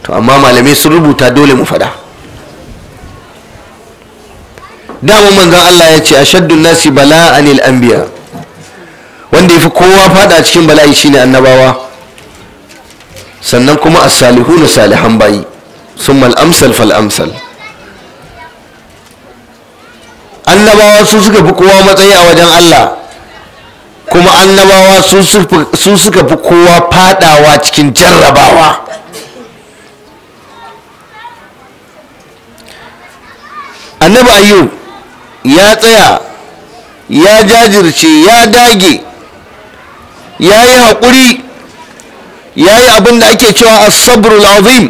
to amma malamai sun rubuta dole mu faɗa dama manzan Allah ya ce ashaddun nasi Bala anil anbiya wanda yafi kowa fada cikin bala'i shine annabawa sannan kuma as-salihuna salihan bayi summa al-amsal fal amsal annabawa su suka fi kowa matsayi a wajen Allah kuma annabawa su suka fi kowa fadawa cikin jarrabawa annabi ayyu. ya tsaya ya jajirce ya dage ya yi haƙuri ya yi abin da ake cewa asabrul azim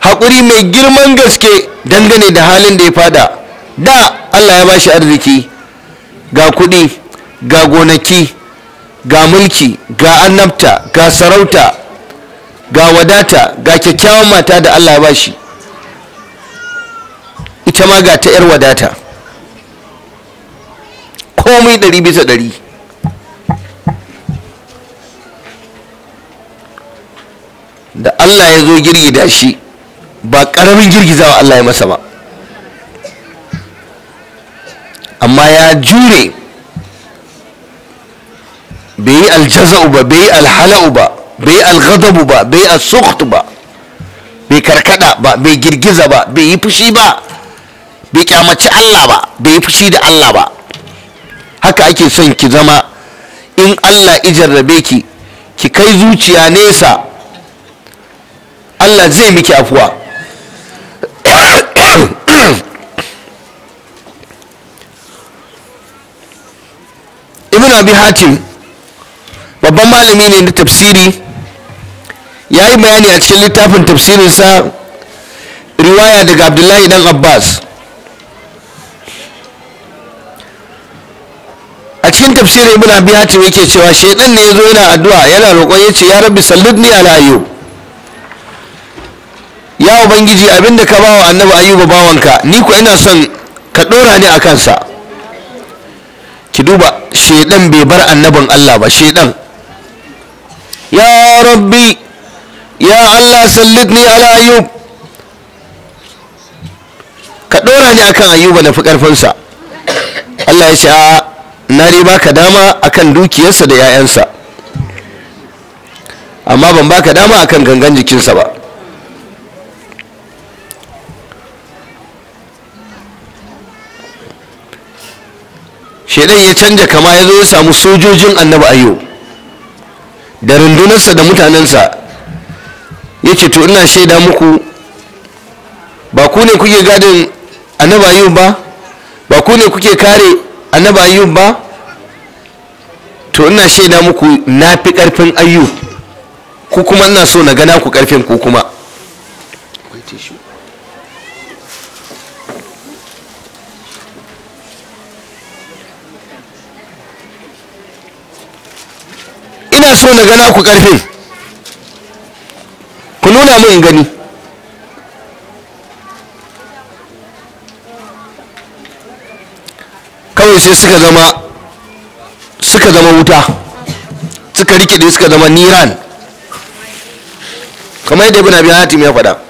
haƙuri mai girman gaske dangane da halin da ya fada da allah ya ba bashi arziki ga kuɗi ga gonaki ga mulki ga annabta ga sarauta ga wadata ga kyakkyawan mata da allah ya bashi ita ma ga ta 'yar wadata komai ɗari bisa ɗari da allah ya zo girgida shi ba ƙaramin girgizawa allah ya masa ba amma ya jure bai yi aljaza'u ba bai yi alhala'u ba bai yi alghadabu ba bai yi alsukhtu ba bai karkada ba bai girgiza ba bai yi fushi ba bai kyamaci allah ba bai yi fushi da allah ba haka ake son ki zama in allah ijarrabe ki ki kai zuciya nesa allah zai miki afuwa ibn abi hatim babban malami ne na tafsiri ya yi bayani a cikin littafin tafsirin sa riwaya daga abdullahi dan abbas a cikin tafsirin ibn abi hatim yake cewa shaydan ne yazo yana addu'a yana roƙon yace ya rabbi sallidni ala ayyub ya ubangiji abinda ka bawa annabi ayyuba bawanka ni ko ina son ka dora ni akan sa ki duba shaydan bai bar annabin Allah ba shaydan ya rabbi ya Allah sallidni ala ayyub ka dora ni akan ayyuba na fi karfin sa Allah ya ce nari baka dama akan dukiyarsa da 'ya'yansa amma ban baka dama akan gangan jikinsa ba shaidan ya canja kama ya zo ya samu sojojin annabi ayo da rundunarsa da mutanensa ya ce to ina shaida muku ba ku ne kuke gadin annabi ayo ba ba ku ne kuke kare annaba ayyub ba to ina shaida muku na fi karfin ayyub ku kuma ina so na gana ku karfin ku kuma ina so na gana ku karfin ku nuna min gani sai suka zama suka zama wuta suka rike da suka zama niran kamar yadda ibn abi hatim ya faɗa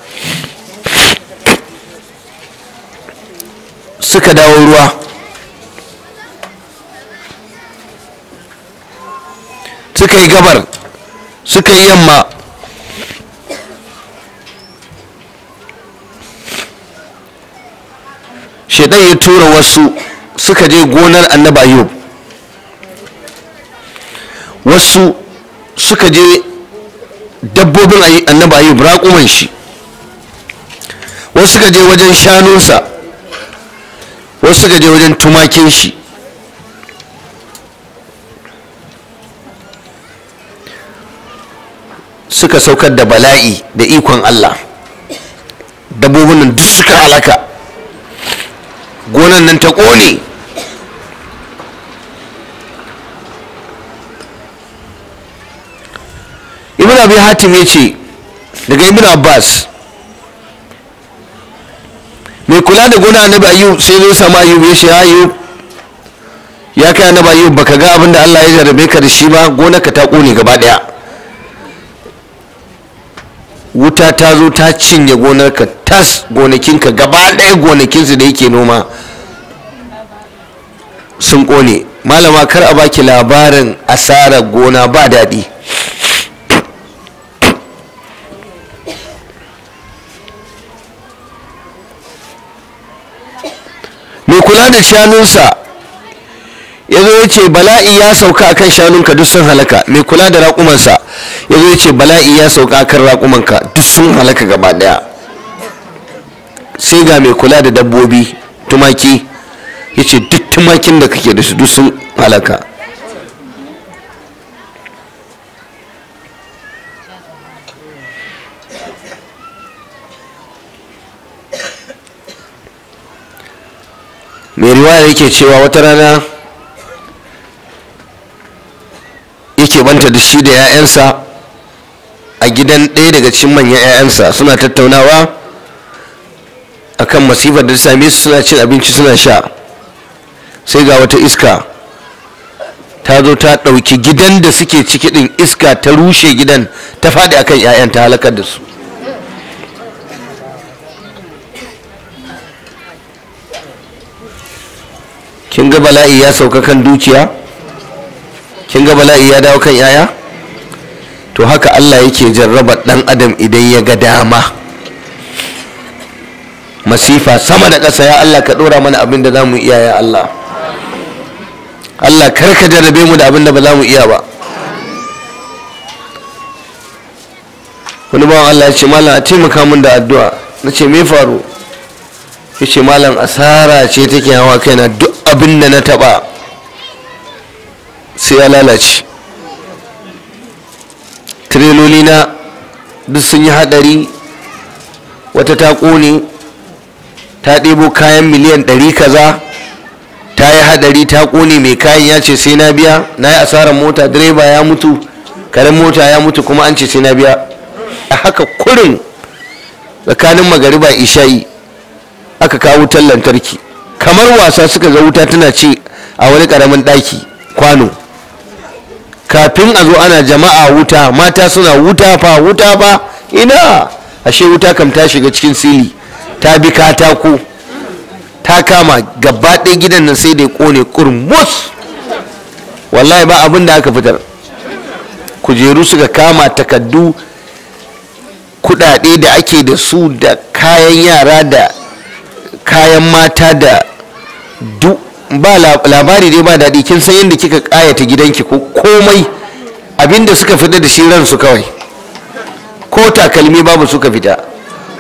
suka dawo ruwa suka yi gabar suka yi yamma shaidan ya tura wasu suka je gonar annaba yau wasu suka je dabbobin annaba yau raƙuman shi wasu suka je wajen shanunsa wasu suka je wajen tumakin shi suka saukar da bala'i da ikon Allah dabbobin nan duk suka halaka gonan nan ta ƙone ibn abi hatim ya ce daga ibn abbas mai kula da gona annabi bayu sai zai sama ayyub ya shiga ayyub ya kai annabi ba baka ga abin da allah ya jarabe ka da shi ba ka ta kone gaba daya wuta ta zo ta cinye gonarka tas gonakinka gaba daya gonakinsu da yake noma sun kone malama kar a baki labarin asarar gona ba daɗi kula da shanunsa ya zo ya ce bala'i ya sauka a kan shanunka duk sun halaka mai kula da raƙumansa ya zo ya ce bala'i ya sauka a kan raƙumanka duk sun halaka gaba ɗaya sai ga mai kula da dabbobi tumaki ya ce duk tumakin da kake da su duk sun halaka mai riwaya yake cewa wata rana yake banta da shi da 'ya'yansa a gidan ɗaya daga cikin manyan 'ya'yansa suna tattaunawa kan masifar da same su suna cin abinci suna sha sai ga wata iska ta zo ta ɗauki gidan da suke ciki ɗin iska ta rushe gidan ta faɗi akan 'ya'yan ta halakar da su kin ga bala'i ya sauka kan dukiya kin ga bala'i ya dawo kan yaya to haka Allah yake jarraba dan adam idan ya ga dama masifa sama da ƙasa ya Allah ka ɗora mana abin da za mu iya ya Allah Allah kar ka jarrabe mu da abin da ba za mu iya ba wani bawan Allah ya ce malam a taimaka min da addu'a na ce me faru ya ce malam asara ce take hawa kaina duk abin da na taba sai ya lalace tirelolina duk sun yi hadari, wata ta ƙone ta ɗebo kayan miliyan ɗari kaza ta yi hadari, ta kone mai kayan ya ce sai na biya na yi asarar mota direba ya mutu karen mota ya mutu kuma an ce sai na biya a haka kurin tsakanin magariba isha'i aka kawo wutar lantarki kamar wasa suka ga wuta tana ce a wani karamin ɗaki kwano kafin a zo ana jama'a wuta mata suna wuta fa wuta ba ina ashe wuta kam ta shiga cikin sili ta bi katako ta kama gaba ɗaya gidan nan sai da ya kone kurmus wallahi ba abin da aka fitar kujeru suka kama takaddu kudade da ake da su da kayan yara da kayan mata da duk ba labari dai ba daɗi kin san yadda kika ƙayata gidanki ko komai abinda suka fita da shi ransu kawai ko takalmi babu suka fita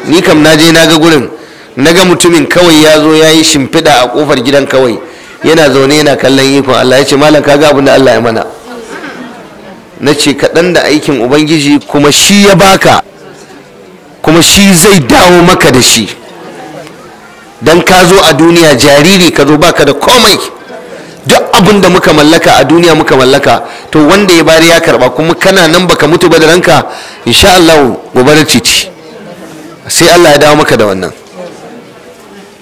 ni kam na je na ga gurin na ga mutumin kawai ya zo ya yi shimfiɗa a ƙofar gidan kawai yana zaune yana kallon ikon Allah ya ce malam kaga abin da Allah ya mana na ce kaɗan da aikin ubangiji kuma shi ya baka kuma shi zai dawo maka da shi dan ka zo a duniya jariri ka zo baka da komai duk abin da muka mallaka a duniya muka mallaka to wanda ya bari ya karba kuma kana nan baka mutu ba da ranka insha Allah da cici sai Allah ya dawo maka da wannan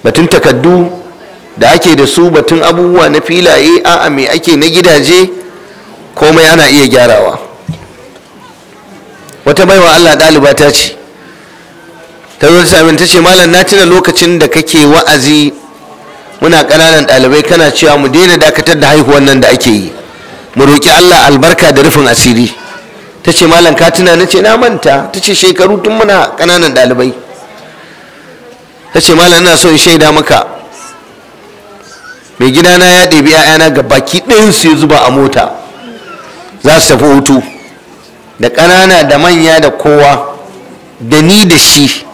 batun takaddu da ake da su batun abubuwa na filaye a'a me ake na gidaje komai ana iya gyarawa wata baiwa Allah ɗaliba ta ce ta zo sami ta ce malam na tuna lokacin da kake wa'azi muna kananan ɗalibai kana cewa mu daina dakatar da haihuwan nan da ake yi mu roƙi Allah albarka da rufin asiri ta ce malam ka tuna na ce na manta ta ce shekaru tun muna kananan ɗalibai ta ce malam ina so in shaida maka mai gidana ya ɗebi 'ya'yana ga baki su ya zuba a mota za su tafi hutu da ƙanana da manya da kowa da ni da shi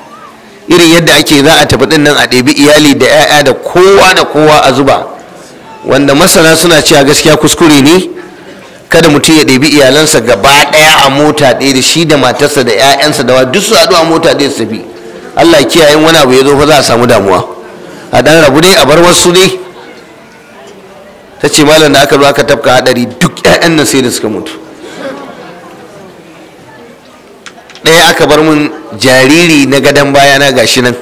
irin yadda ake za a tafi din nan a ɗebi iyali da 'ya'ya da kowa da kowa a zuba wanda masana suna cewa gaskiya kuskure ne kada mutum ya ɗebi iyalansa gaba ɗaya a mota ɗaya da shi da matarsa da 'ya'yansa da duk su haɗu a mota ɗaya su tafi allah kiyayen wani abu ya zo fa za a samu damuwa a ɗan rabu dai a bar wasu dai ta ce malam da aka zo aka tafka haɗari duk 'ya'yan nan sai da suka mutu ɗaya aka bar mun jariri na gadon baya na gashi nan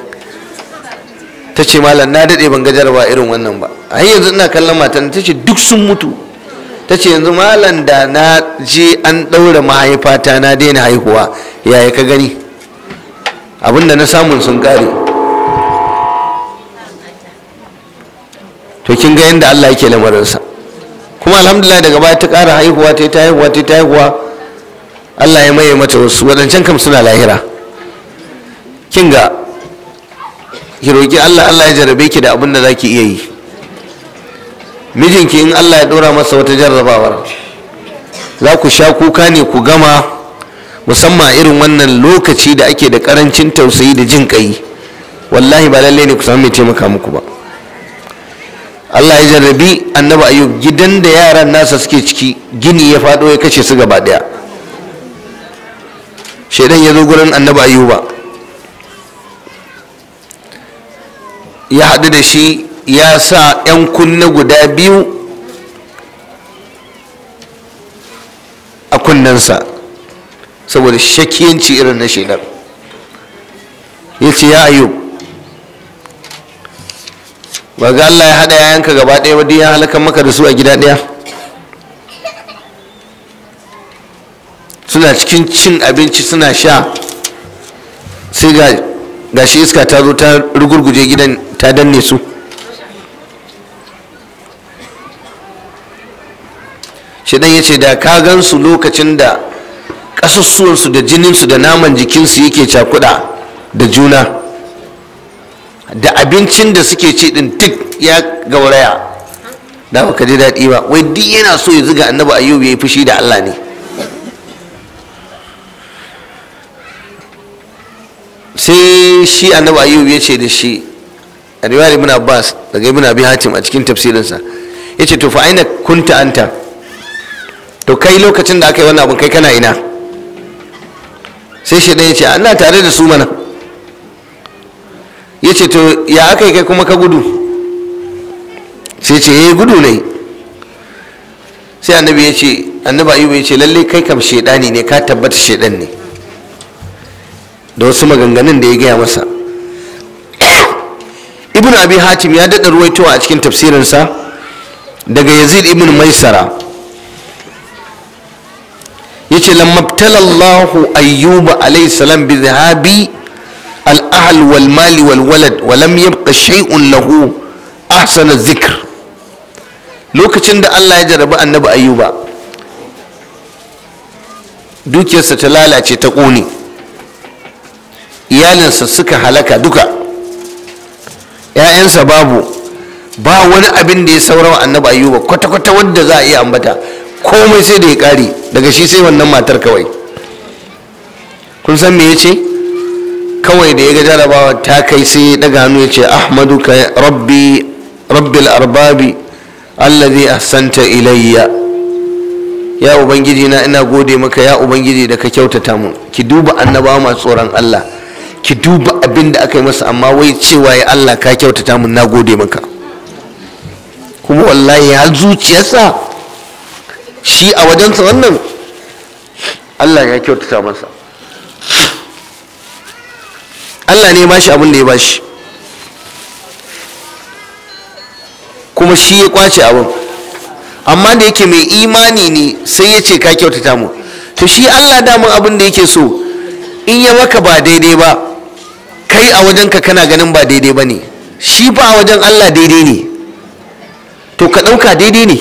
ta ce malam na daɗe ban gajar ba irin wannan ba A yanzu ina kallon matan ta ce duk sun mutu ta ce yanzu malam da na je an ɗaura mahaifata na daina haihuwa yaya ka gani abinda na samun sun ƙare to kin ga yadda Allah yake lamarinsa kuma alhamdulillah daga baya ta ƙara haihuwa ta yi ta haihuwa ta yi ta haihuwa Allah ya maye mata wasu waɗancan kam suna lahira kin ga ki roƙi Allah Allah ya jarabe ki da abin da za ki iya yi mijinki in Allah ya ɗora masa wata jarrabawar za ku sha kuka ne ku gama musamman irin wannan lokaci da ake da ƙarancin tausayi da jin ƙai wallahi ba lallai ne ku samu mai taimaka muku ba Allah ya jarrabi annabi ayub gidan da yaran nasa suke ciki gini ya faɗo ya kashe su gaba ɗaya shaidan ya zo gurin annabi ayuba ya haɗu da shi ya sa 'yan kunne guda biyu a kunnensa saboda shakiyanci irin na shaidan ya ce ya ayub ba ga Allah ya haɗa yayanka gaba ɗaya ba duk ya halaka maka da su a gida ɗaya suna cikin cin abinci suna sha sai ga shi iska ta zo ta rugurguje gidan ta danne su Shidan ya ce da ka gansu lokacin da ƙasussuwansu da jininsu da naman jikinsu yake cakuɗa da juna da abincin da suke ci din tik ya gauraya da baka ji daɗi ba wai duk yana so ya ziga annabi ayyub ya yi fushi da allah ne sai shi annabi ayyub ya ce da shi a riwayar ibn abbas daga ibn abi hatim a cikin tafsirinsa ya ce to fa aina kunta anta to kai lokacin da aka yi wannan abin kai kana ina sai shi ya ce ana tare da su mana ya ce to ya aka yi kai kuma ka gudu sai ce ya eh, gudu ne sai annabi ya ce annabi ayyub ya ce lalle kai kam shedani ne ka tabbata shedan ne da wasu maganganun da ya gaya masa ibn abi hatim ya daɗa ruwaitowa a cikin tafsirinsa daga yazid ibn maisara ya ce lammabtalallahu ayyuba alayhi salam bi zahabi al'ahal wal mali wal walad walam yabqa shay'un lahu ahsana zikr lokacin da allah ya jarabi annabi ayyuba dukiyarsa ta lalace ta ƙone iyalinsa suka halaka duka ‘ya'yansa babu ba wani abin da ya saurawa annabi ayyuba kwata-kwata wadda za a iya ambata komai sai da ya ƙari daga shi sai wannan matar kawai kun san me ya ce kawai da ya ga jarabawa ta kai sai ya daga hannu ya ce ahmadu ka rabbi rabbil arbabi allazi ahsanta ilayya ya ubangiji na ina gode maka ya ubangiji da ka kyautata mu ki duba annabawa masu tsoron allah ki duba abin da aka yi masa amma wai cewa ya Allah ka kyautata mun nagode maka kuma wallahi har zuciyarsa shi a wajensa wannan Allah ya kyautata masa Allah ne ba shi abin da ya ba shi kuma shi ya kwace abin amma da yake mai imani ne sai ya ce ka kyautata mu to shi Allah damun abin da yake so in ya maka ba daidai ba kai a wajenka kana ganin ba daidai ba ne shi ba a wajen allah daidai ne to ka ɗauka daidai ne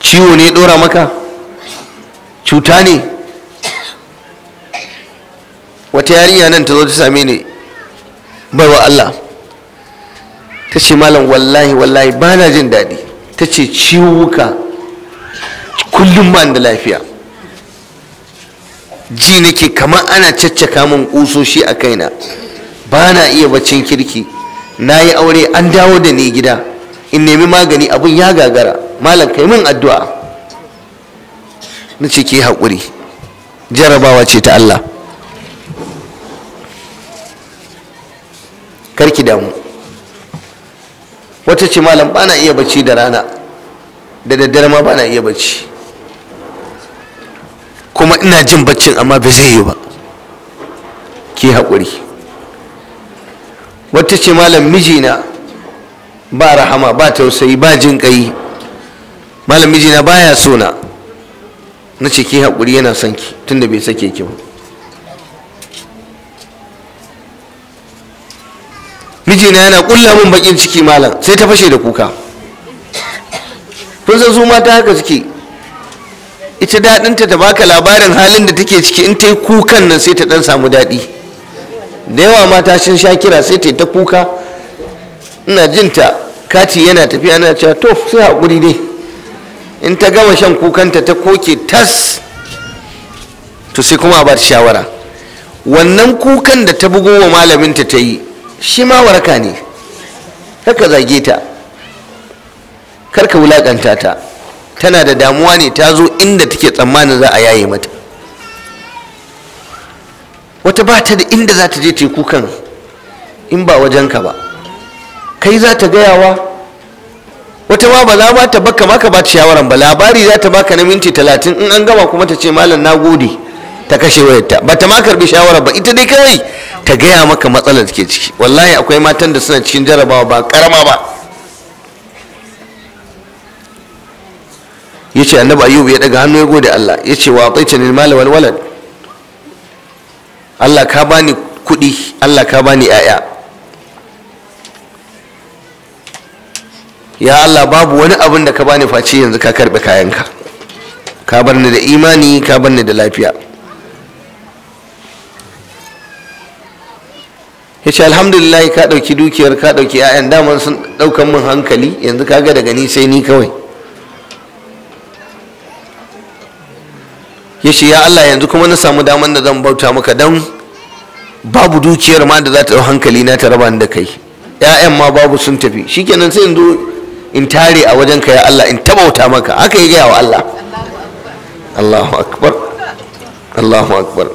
ciwo ne ɗora maka cuta ne wata yarinya nan ta zo ta same ni baiwa allah ta ce malam wallahi wallahi ba na jin daɗi ta ce ciwuka kullum ba da lafiya ji nake kamar ana caccaka min kusoshi a kaina ba na iya baccin kirki na yi aure an dawo da ni gida in nemi magani abin ya gagara malam kai min addu'a na ce ki haƙuri jarabawa ce ta Allah karki damu wata ce malam ba na iya bacci da rana da daddare ma ba na iya bacci kuma ina jin baccin amma ba zai yi ba ki haƙuri wata ce malam mijina ba rahama ba tausayi ba jin ƙai malam mijina baya sona na ce ki haƙuri yana son ki tunda bai sake ki ba mijina yana ƙulla min baƙin ciki malam sai ta fashe da kuka kun san su mata haka suke ita daɗinta ta baka labarin halin da take ciki in ta yi kukan nan sai ta ɗan samu daɗi da yawa mata sun sha kira sai ta yi ta kuka ina jin ta kati yana tafiya na cewa to sai haƙuri dai in ta gama shan kukanta ta koke tas to sai kuma a ba ta shawara wannan kukan da ta bugo wa malaminta ta yi shi ma waraka ne haka zage ta karka wulaƙanta ta tana da damuwa ne ta zo inda take tsammanin za a yaye mata wata ba ta da inda za ta je teku kan in ba wajenka ba kai za ta gayawa wata ma ba za ma ta baka maka ba shawaran ba labari za ta baka na minti talatin in an gama kuma ta ce malam na gode ta kashe wayarta ba ta ma karbi shawara ba ita dai kawai ta gaya maka matsalar da ke ciki wallahi akwai matan da suna cikin jarabawa ba karama ba yace annabi ayyub ya daga hannu ya gode Allah yace wa ataitani mal wal walad Allah ka bani kudi Allah ka bani yaya ya Allah babu wani abin da ka bani face yanzu ka karbe kayanka ka bar ni da imani ka bar ni da lafiya yace alhamdulillah ka dauki dukiyar ka dauki 'ya'yan daman sun daukan min hankali yanzu kaga daga ni sai ni kawai ya ce ya Allah yanzu kuma na samu daman da zan bauta maka don babu dukiyar ma da za ta hankali na ta raba da kai yayan ma babu sun tafi shikenan sai yanzu in tare a wajen ka ya Allah in tabauta maka haka ya gaya wa Allah Allahu akbar Allahu akbar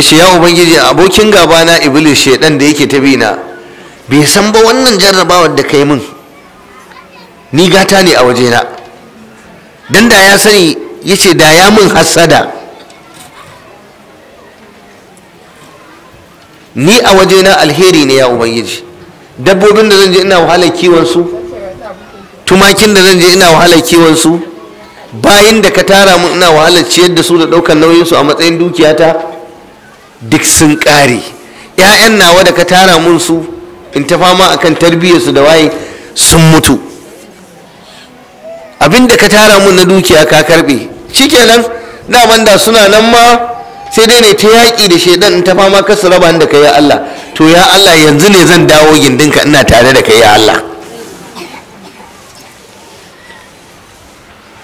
ce ya ubangiji abokin gaba na iblis shedan da yake ta bi na bai san ba wannan jarrabawar da kai min ni gata ne a wajena dan da ya sani ya ce da ya mun hassada ni a wajena alheri ne ya ubangiji dabbobin da zan je ina wahalar kiwon tumakin da zan je ina wahalar kiwon bayan da ka tara mun ina wahalar ciyar da su da ɗaukar nauyinsu a matsayin dukiyata duk sun ƙare 'ya'yan nawa da ka tara mun su in ta fama akan tarbiyyarsu da waye sun mutu abinda ka tara mun na dukiya ka karbe shikenan daman da suna nan ma sai dai ne ta yaƙi da shaidan in ta fama ka su raba da kai ya Allah to ya Allah yanzu ne zan dawo gindinka ina tare da kai ya Allah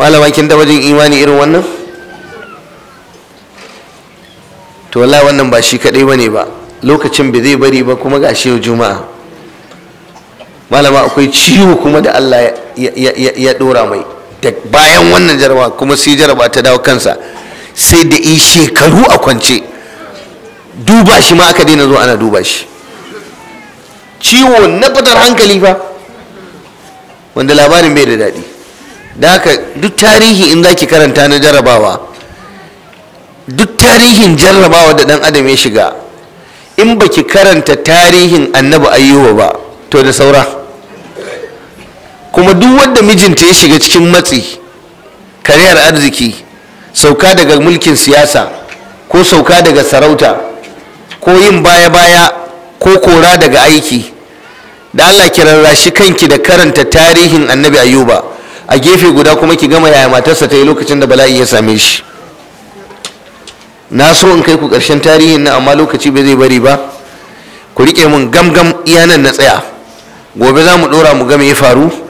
malama kin taɓa jin imani irin wannan to wallahi wannan ba shi kaɗai ba ne ba lokacin bai zai bari ba kuma ga shi juma'a malama akwai ciwo kuma da Allah ya dora mai bayan wannan jaraba kuma sai jaraba ta dawo kansa sai da yi shekaru a kwance duba shi ma aka daina zo ana duba shi ciwo na fitar hankali fa wanda labarin bai da daɗi da haka duk tarihi in za ki karanta na jarrabawa duk tarihin jarrabawa da ɗan adam ya shiga in baki karanta tarihin annabi ayyuba ba to da saura kuma duk wanda mijinta ya shiga cikin matsi kariyar arziki sauka daga mulkin siyasa ko sauka daga sarauta ko yin baya-baya ko kora daga aiki da allah ki rarrashi kanki da karanta tarihin annabi ayuba a gefe guda kuma ki gama yaya matarsa ta yi lokacin da bala'i ya same shi na so in kai ku ƙarshen tarihin na amma lokaci bai zai bari ba ku riƙe mun gamgam iyanan na tsaya gobe za mu ɗora mu ga me ya faru